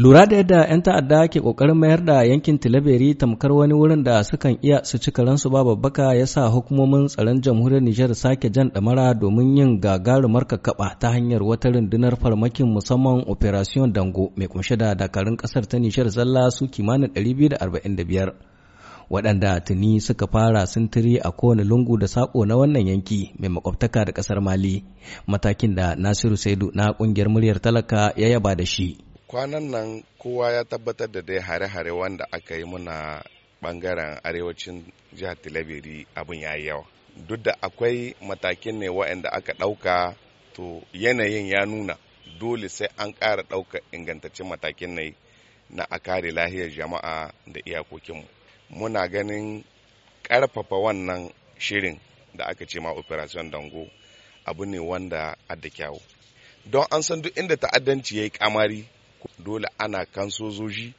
Lura da yadda 'yan ta'adda ke ƙoƙarin mayar da yankin Tilaberi tamkar wani wurin da sukan iya su ci karansu ba babbaka ya sa hukumomin tsaron jamhuriyar Nijar sake jan ɗamara domin yin gagarumar kakaba ta hanyar wata rundunar farmakin musamman Operation Dango mai kunshe da dakarun ƙasar ta Nijar zalla su kimanin 245 waɗanda tuni suka fara sintiri a kowane lungu da sako na wannan yanki mai makwabtaka da ƙasar Mali matakin da Nasiru Saidu na ƙungiyar muryar talaka ya yaba da shi. kwanan nan kowa ya tabbatar da dai hare-hare wanda aka yi muna bangaren arewacin jihar tilabiri abin ya yi yawa duk da akwai matakin ne waɗanda aka ɗauka to yanayin ya nuna dole sai an ƙara ɗauka ingantaccen matakin ne na a kare lahiyar jama'a da iyakokinmu muna ganin ƙarfafa wannan shirin da aka ce ma operation dango abu ne wanda adda kyawu don an san duk inda ta'addanci ya yi kamari dole ana kan sojoji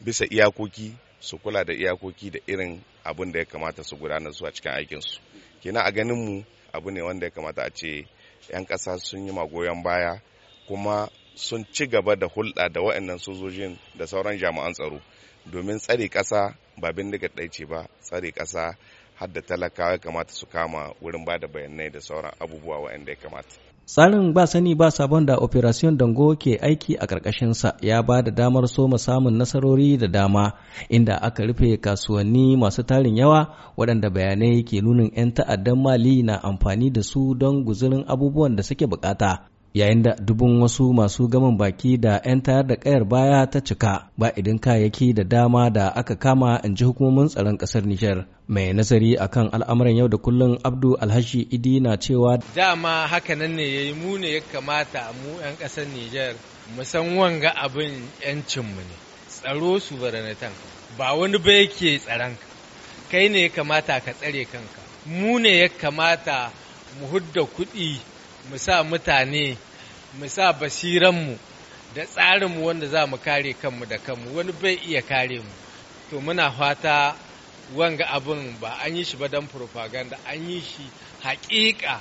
bisa iyakoki su kula da iyakoki da irin abin da ya kamata su gudanar su a cikin aikinsu kina a ganinmu abu ne wanda ya kamata a ce 'yan ƙasa sun yi magoyan baya kuma sun ci gaba da hulɗa da waɗannan sojojin da sauran jami'an tsaro domin tsare ƙasa ba bindiga ɗaice ce ba tsare ƙasa har da talakawa kamata su kama wurin ba da bayanai da sauran abubuwa waɗanda ya kamata. Tsarin ba sani ba sabon da Operation Dango ke aiki a ƙarƙashinsa ya ba da damar soma samun nasarori da dama inda aka rufe kasuwanni masu tarin yawa waɗanda bayanai ke nunin 'yan ta'addan Mali na amfani da su don guzurin abubuwan da suke bukata yayin da dubun wasu masu gaman baki da 'yan tayar da kayar baya ta cika ba idan kayayyaki da dama da aka kama in ji hukumomin tsaron kasar Nijar. Mai nazari akan al'amuran yau da kullum Abdu Alhashi Idi na cewa dama haka nan ne yi mu ne ya kamata mu 'yan kasar Nijar mu san wanga abin 'yancin mu ne. Tsaro su baranatan ba wani ba yake tsaron kai ne ya kamata ka tsare kanka mu ne ya kamata mu hudda kuɗi mu sa mutane mu sa basiranmu da tsarinmu wanda za mu kare kanmu da kanmu wani bai iya kare mu to muna fata wanga abin ba an yi shi ba don propaganda an yi shi haƙiƙa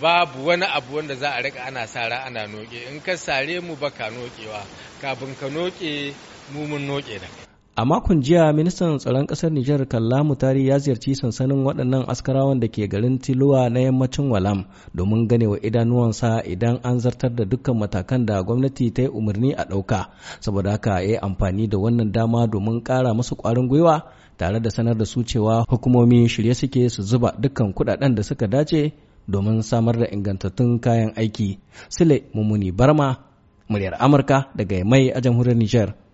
babu wani abu wanda za a rika ana sara ana noke in ka sare mu ba ka nokewa kafin ka noke mu mun noke da kai A makon jiya ministan tsaron ƙasar Nijar Kalla Mutari ya ziyarci sansanin waɗannan askarawan da ke garin Tiluwa na yammacin Walam domin ganewa idanuwansa idan an zartar da dukkan matakan da gwamnati ta yi umarni a ɗauka. Saboda haka ya yi amfani da wannan dama domin kara musu kwarin gwiwa tare da sanar da su cewa hukumomi shirye suke su zuba dukkan kuɗaɗen da suka dace domin samar da ingantattun kayan aiki. sile Mumuni Barma, muryar Amurka daga Mai a jamhuriyar Nijar.